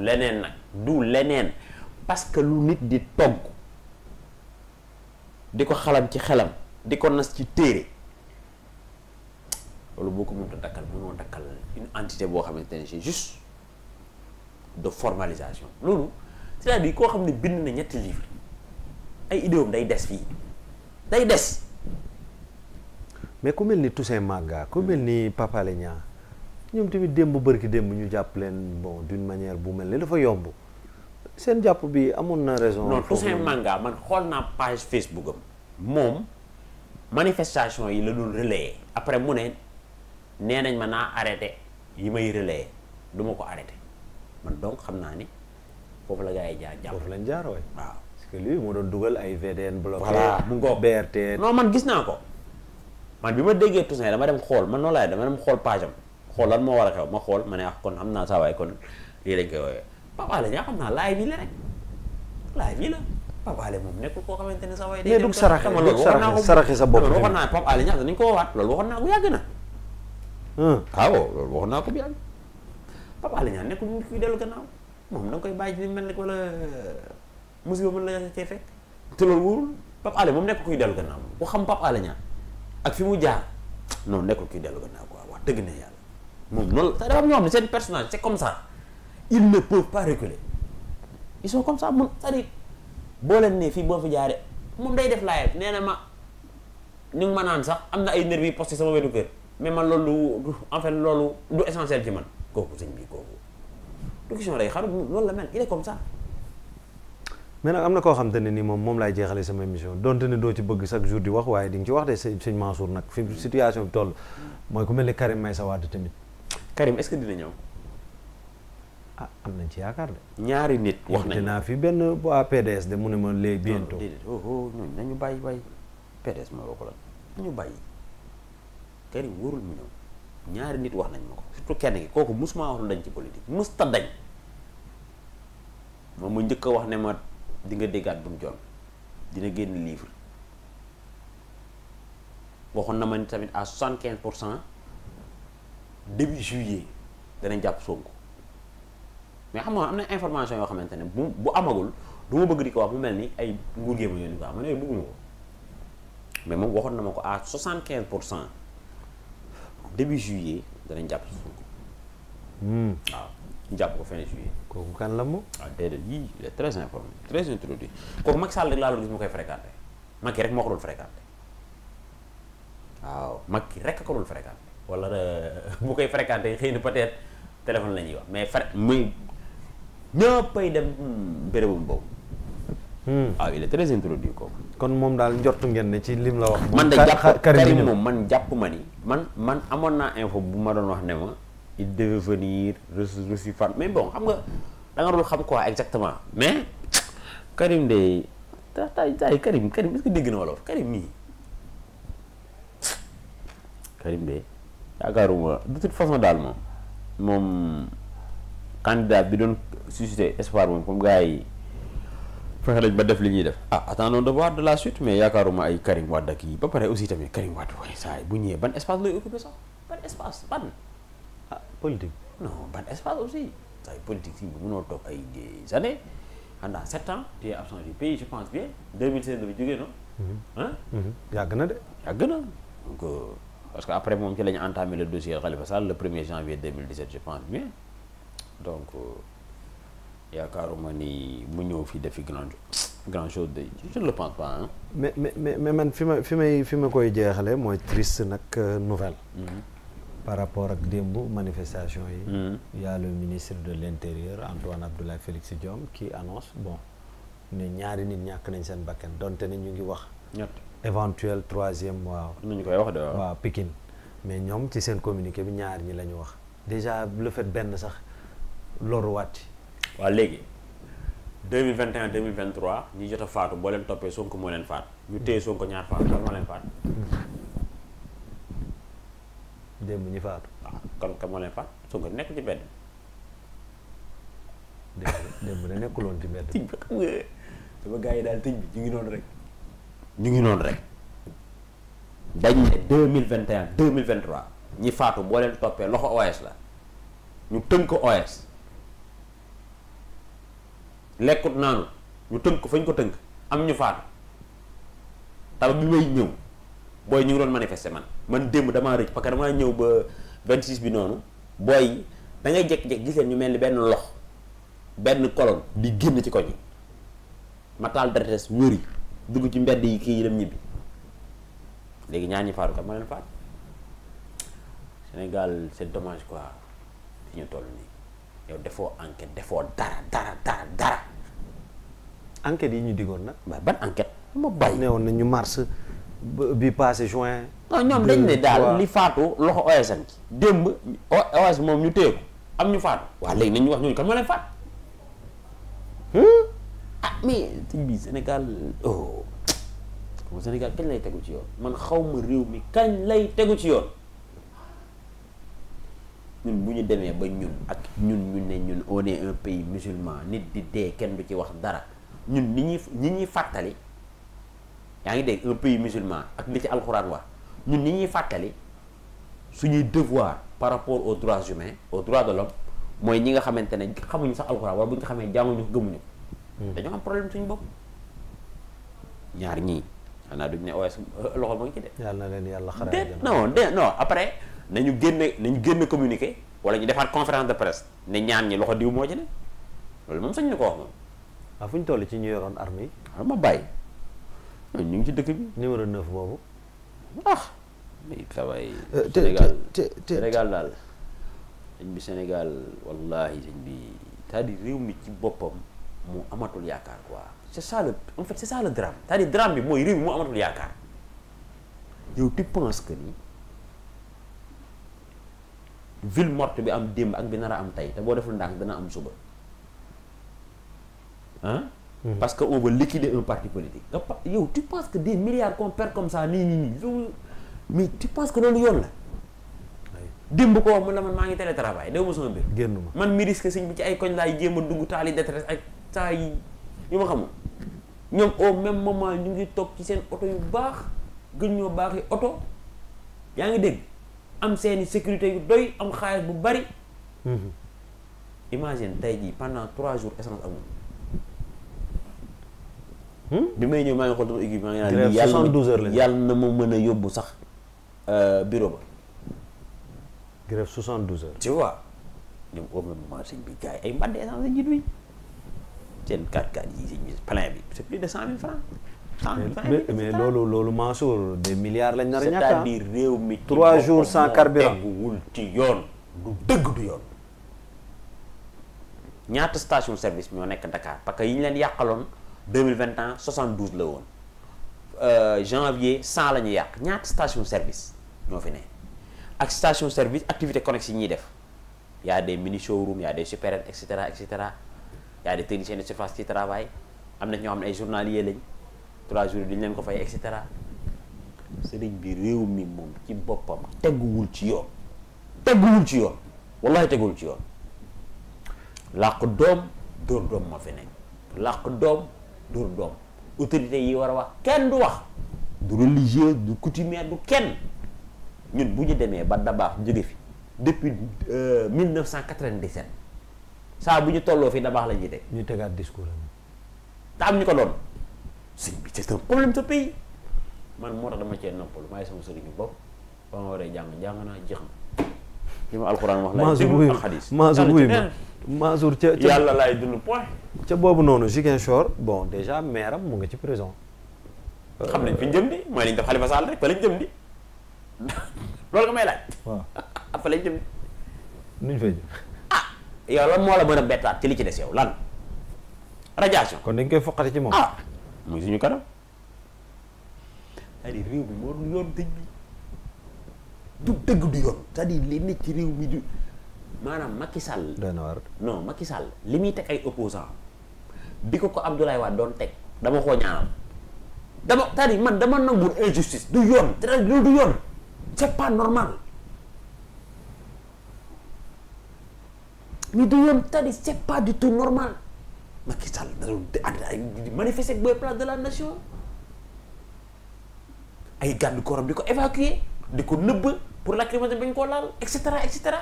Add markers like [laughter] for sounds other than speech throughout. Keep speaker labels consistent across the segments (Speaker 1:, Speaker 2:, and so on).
Speaker 1: leneen nag du leneen parce que lu nit di togg di ko xalam ci xelam di ko nas ci téere loolu boo ko mënut a dakkal mënoo dakkal une entité boo xamante ne c'est juste de formalisation loolu cest à koo xam ne bind na ñetti livre ay idéom day des fii day des mais ku mel ni Toussaint Manga ku mel ni Papa ñoom tamit démb bërki démb ñu jàpp leen bon d'une manière bu mel ni dafa yomb seen jàpp bi amoon na raison. non Toussaint man xool naa page Facebook am moom manifestation yi la doon relayer après mu ne nee nañ ma naa arrêté yi may relayer du ma ko arrêté man donc xam naa ni foofu la gars yi jaar jàpp. lañ jaar waay waaw. parce que lui moo doon dugal ay VDN bloqué. voilà mu ngoog BRT. non man gis naa ko man bi ma déggee Toussaint dama dem xool man noonu laay dama dem xool page xool moo war a xew ma xool ma ne ah kon am naa saa waay kon lii lañ koy woowee Pape Alé Niang xam naa live yi la la Pape moom nekkul koo xamante ne saa waay. day dem ko sa bopp loolu waxoon naa Pape ko woowaat loolu na. Hmm. ah waaw loolu waxoon naa ko bu yàgg Pape kuy dellu gannaaw moom koy bàyyi ci li mel ni wala euh, musiba mën la cee fekk moom kuy dellu gannaaw ku xam Pape Alé Niang ak fi mu jaar noonu nekkul kuy dellu gannaaw quoi wax dëgg ne yàlla moom noonu la dafa am ñoo xam ne seen personnage c'est comme ça ils ne peuvent pas reculer ils sont comme ça moom c'est-à-dire ne fii boo fi jaaree moom day def laayam nee ma ñu ma naan sax am na ay nervis yi posté sama wetu kër mais man loolu en loolu du essentiel ci man kooku sëñ bi kooku du question day xaru loolu la mel il est comme ça. mais nag am na koo xamante ne ni moom moom laay jeexale sama émission donte ne doo ci bëgg chaque jour di wax waaye di nga ci wax de sëñ situation bi toll mooy ku ni Karim Meïssa Wade tamit. Karim est-ce dina ñëw. a ah, am nañ ci yaakaar de. ñaari nit wax nañ naa fi benn bu PDS de mu ne ma léegi bientôt. déedéet oh oh ñooñu nañu bàyyi bàyyi PDS ma ko la nañu bàyyi Karim warul mu ñëw ñaari nit wax nañ ma ko surtout kenn ki kooku musuma wax lu dañ ci politique musta dañ moom mu njëkk a wax ne ma di nga déggaat bu mu joon dina génn livre waxoon na ma ni tamit à soixante quinze pour cent. début juillet danañ jàpp Sonko mais xam nga am na information yoo xamante ne bu bu amagul du ma bëgg di ko mu mel ni ay nguur ma yónni ko waxoon na ko à 75 pour cent début juillet danañ jàpp Sonko. Hmm. waaw ñu jàpp ko fin juillet. kooku kan la mu. waaw ah, déedéet yii il est très informé très introduit kooku Macky Sall rek laa doon gis mu koy wala [laughs] bu koy fréquenté xëy na peut-être téléphone la ñuy wax mais fre muy ñëppay dem hmm, bérébam boobu. Hmm. ah il est très introduit kooku. kon moom daal njortu ngeen ne ci lim la wax. man de jàpp Karim moom man jàpp ni. man man amoon naa info bu ma doon wax ne ma. il devait venir reçu fan mais bon xam nga da nga dul xam quoi exactement mais [tsk] Karim de ta taay Karim Karim est-ce dégg na wolof Karim mii [tsk] Karim de. yaakaaruma de toute façon daal moom moom candidat bi doon suscité espoir moom comme gars yi fexe ba def li ñuy def ah attendons de voir de la suite mais yaakaaruma ay Karim Wade ak yi ba pare aussi tamit Karim Wade waaye saa yi bu ñëwee ban espace lay occupé sax ban espace ban ah politique non ban espace aussi saa yi politique si mënoo toog ay des années pendant sept ans tu es absent du pays je pense bien 2016 la fi jógee noonu. Mhm. ah. Mhm. yàgg na de euh, parce que après moom ci la ñu entamé le dossier Khalifa Sall le 1er janvier 2017 je pense bien donc euh, yaakaaruma ni mu ñëw fii defi grand grand chose de je le pense pas hein. mais mais mais man fi ma fi may fi ma koy jeexale mooy triste nag euh, nouvelle. Mm-hmm. par rapport ak démb manifestation yi. il mm-hmm. y a le ministre de l'intérieur Antoine Abdoulaye Félix Diome qui annonce bon ne ñaari nit ñàkk nañ seen bakkan donte ne ñu ngi wax. ñett éventuel troisième waaw. nu ñu koy wax de waaw mais ñoom ci seen communiqué bi ñaar ñi la wax déjà le fait benn sax loru ci. waa léegi deux mille vingt et un mille vingt trois jot a faatu boo leen toppee Sonko moo leen faat ñu téye Sonko ñaar faatu kan moo leen faat. démb ñi faatu. waaw ah, kan kan moo leen faat Sonko nekk ci benn. démb de nekkuloon ci benn. sama gars yi daal tëj bi ñu ngi noonu rek. ñu ngi noonu rek dañ ne deux mille vingt et un deux mille vingt trois ñi faatu boo leen toppee loxo OS la ñu tënk OS lekkut naanu ñu tënk ko fañ ko tënk am ñu faatu taw bi may ñëw booy ñu ngi doon manifester man man démb damaa rëcc parce que damaa ñëw ba vingt six bi noonu booy da ngay jékki-jékki ñu mel ni benn lox benn colonne di génn ci koñ yi ma taal dara wëri dugg ci mbedd yi kii yi dem ñibbi léegi ñaar ñi faatu kan ma leen faat Sénégal c'est dommage quoi fi ñu toll nii yow defoo enquête defoo dara dara dara dara. enquête yi ñu diggoon nag. waaw ban enquête. ma bàyyi ne woon na ñu mars bi passé juin. non ñoom dañ ne daal li faatu loxo OSN ci démb OS moom ñu téye ko am ñu faatu waaw léegi nañ ñu wax ñooñu kan ma leen faat. mais sëñ bi Sénégal oh Sénégal kañ lay tegu ci yoon man xaw ma réew mi kañ lay tegu ci yoon ñun bu ñu demee ba ñun ak ñun ñu ne ñun on est un pays musulman nit di dee kenn du ci wax dara ñun ni ñuy ñi ñuy fàttali yaa ngi dégg un pays musulman ak li ci alxuraan wax ñun ni ñuy fàttali suñuy devoir par rapport au droits humains aux droits de l'homme mooy ñi nga xamante ne xamuñu sax alxuraan wala bu ñu xamee jànguñu ko gëmuñu ko Hmm. dañoo am problème suñu bopp ñaar ñii xanaa duñ ne OS loxo mu ngi ci de. yàlla na leen yàlla xarale non de non après nañu génne nañu génne communiqué wala ñu defaat conférence de presse ne ñaan ñi loxo diw moo ci ne loolu moom sañ ñu ko wax moom. waaw ah, fu toll ci ñu yoroon armes yi. waaw ah, ma ñu ngi ci dëkk bi. numéro 9 boobu. ah. mais tawaay. Euh, Sénégal Sénégal daal. sëñ réew mi ci boppam. mu amatul yaakaar quoi c'est ça le en fait c'est ça le drame cest à drame bi mooy réew mi mu amatul yaakaar yow tu penses que ni ville morte bi am démb ak bi nar a am tey te boo deful ndànk dana am suba ah parce que on veut liquider un parti politique nga yow tu penses que des milliards qu'on perd comme ça nii nii nii mais tu penses que loolu yoon la démb ko mun la man maa ngi télétravail déw ma sama mbir génn ma man mi risque bi ci ay koñ laay jéem a dugg taali détresse ak saa yi ñu ma xamul ñoom au même moment ñu ngi toog ci seen oto yu baax gën ñoo baaxi oto yaa ngi dégg am seeni sécurité yu doy am xaalis bu bari mhm. imagine tey jii pendant trois jours essence amul hmm? bi may ñëw maa ngi xool sama équipe maa ngi naan yàlla na ma mën a yóbbu sax euh, bureau ba grève soixante douze heures tu vois ñoom au même moment sëñ bi gars yi ay mbàdde essence a jit wi seen 4x4 yi plein bi c'est plus de cent mais mais loolu loolu Mansour des milliards lañ nar a ñàkk c'est-à-dire réew mi. trois jours sans carburant wul ci yoon. du dëgg du yoon. ñaata station service ñoo nekk Dakar parce que yi ñu leen yàqaloon deux mille vingt ans soixante douze la woon euh, janvier cent la ñuy yàq ñaata station service ñoo fi ne ak station service activité connexe yi ñuy def y a des mini showroom y a des supérettes et cetera cetera. y a des techniciens de surface qui am na ñoo xam ne ay journaliers lañ trois jours duñ leen ko fay et cetera sëriñ bi réew mi moom ci boppam teguwul ci yoon teguwul ci yoon wallahi teguwul ci yoon làq doom dóor doom moo fi nekk làq doom dóor doom autorité yi war a wax kenn du wax du religieux du coutumier du kenn ñun bu ñu demee ba dabaax jóge fi depuis 1997 euh, saa bu ñu tolloo fii ndax baax la ñuy teg. ñu tegaat discours am. te am ñu ko doon. sëñ bi c'est un problème ce pays. man moo tax dama cee noppalu maay sama sëriñu bopp ba ma waree jàng jàng naa jeex na li ma alxuraan wax. laay déglu ak xadis Mansour wuy ma Mansour ca ca yàlla laay dund point. ca boobu noonu Ziguinchor bon déjà maire am mu nga ci prison. Euh, xam nañ fi ñu jëm di mooy lañ def Khalifa Sall rek fa lañ jëm di [laughs] loolu nga may laaj. waaw [laughs] fa lañ jëm di. nuñ fay jëm. yow lan moo la mën a bettaat ci li ci des yow lan radiation. kon dañ koy foqati ci moom. ah muy suñu kanam. cest à mi moo yoon dëgg du dëgg du yoon. cest li nit ci réew mi du maanaam Macky Sall. non Sall li muy teg ay opposants bi ko ko Abdoulaye Wade doon teg dama koo ñaanal dama cest man dama nangu injustice du yoon. cest à loolu du yoon c'est normal. mais da yoon tali c'est pas du tout normal Macky Sall da doon ànd ay di manifester place de la nation ay garde corps di ko évacuer di ko nëbb pour lacrymogène bañ koo laal et cetera et cetera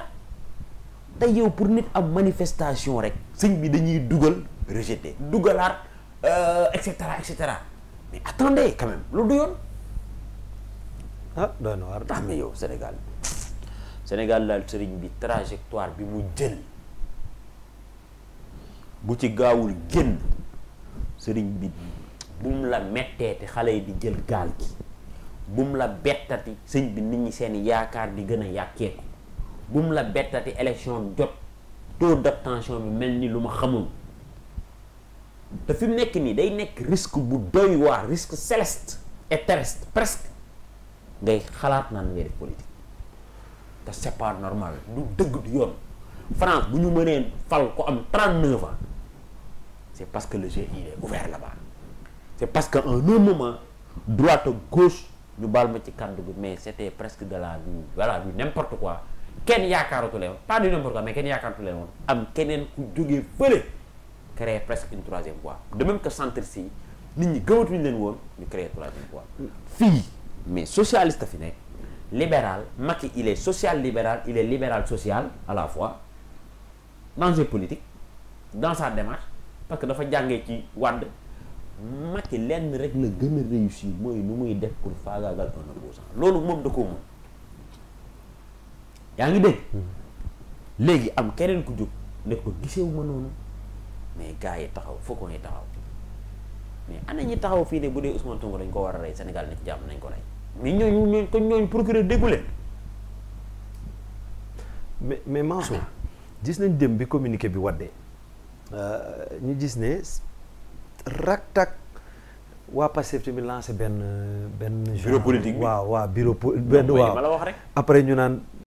Speaker 1: te yow pour nit am manifestation rek sëñ bi dañuy dugal rejeté dugalaat euh, et cetera et cetera mais attendez quand même loolu du yoon ah doy na waar. mais yow Sénégal Sénégal daal sëriñ bi trajectoire bi mu jël. bu ci gaawul génn sëriñ bi bum la metteeti xale yi di jël gaal gi bum la bettati sëñ bi nit ñi seen yaakaar di gën a yàkkeeku bum la bettati élection jot taux d'abstention bi mel ni lu ma xamul te nekk nii day nekk risque bu doy waar risque céleste et terrestre presque ngay xalaat naan ngay def politique te c'est pas normal du dëgg du yoon France bu ñu mënee fal ko am 39 c'est parce que le jeu il est ouvert là c'est parce que un autre moment droite gauche ñu baal ma ci kàddu bi mais c'était presque de la du voilà du n'importe quoi kenn yaakaaratu leen pas du n'importe quoi mais kenn yaakaaratu leen woon am keneen ku jógee fële créer presque une troisième voie de même que centre si nit ñi gëmatuñu leen woon ñu créer troisième voie fii mais socialiste fi nekk libéral Macky il est social libéral il est libéral social à la fois politique dans parce que dafa jàngee ci Wàdd ki lenn rek la gën a réussir mooy nu muy def pour faagaagal un sax loolu moom da koo mën yaa ngi dégg léegi am keneen ku jóg ne ko gisewu ma noonu mais gars yi taxaw foo ko ñuy taxaw mais ana ñi taxaw fii ne bu dee Ousmane Sonko dañ ko war a rey senegal ne jàmm nañ ko rey mais ñooñu ñooñu ko ñooñu procureur déggu mais mais Mansour gis nañ dem bi communiqué bi waddee Euh, ñu gis ne rak tak waa Pastef tamit lancé benn benn. bureau politique bi waaw waaw bureau po benn waaw. après ñu naan.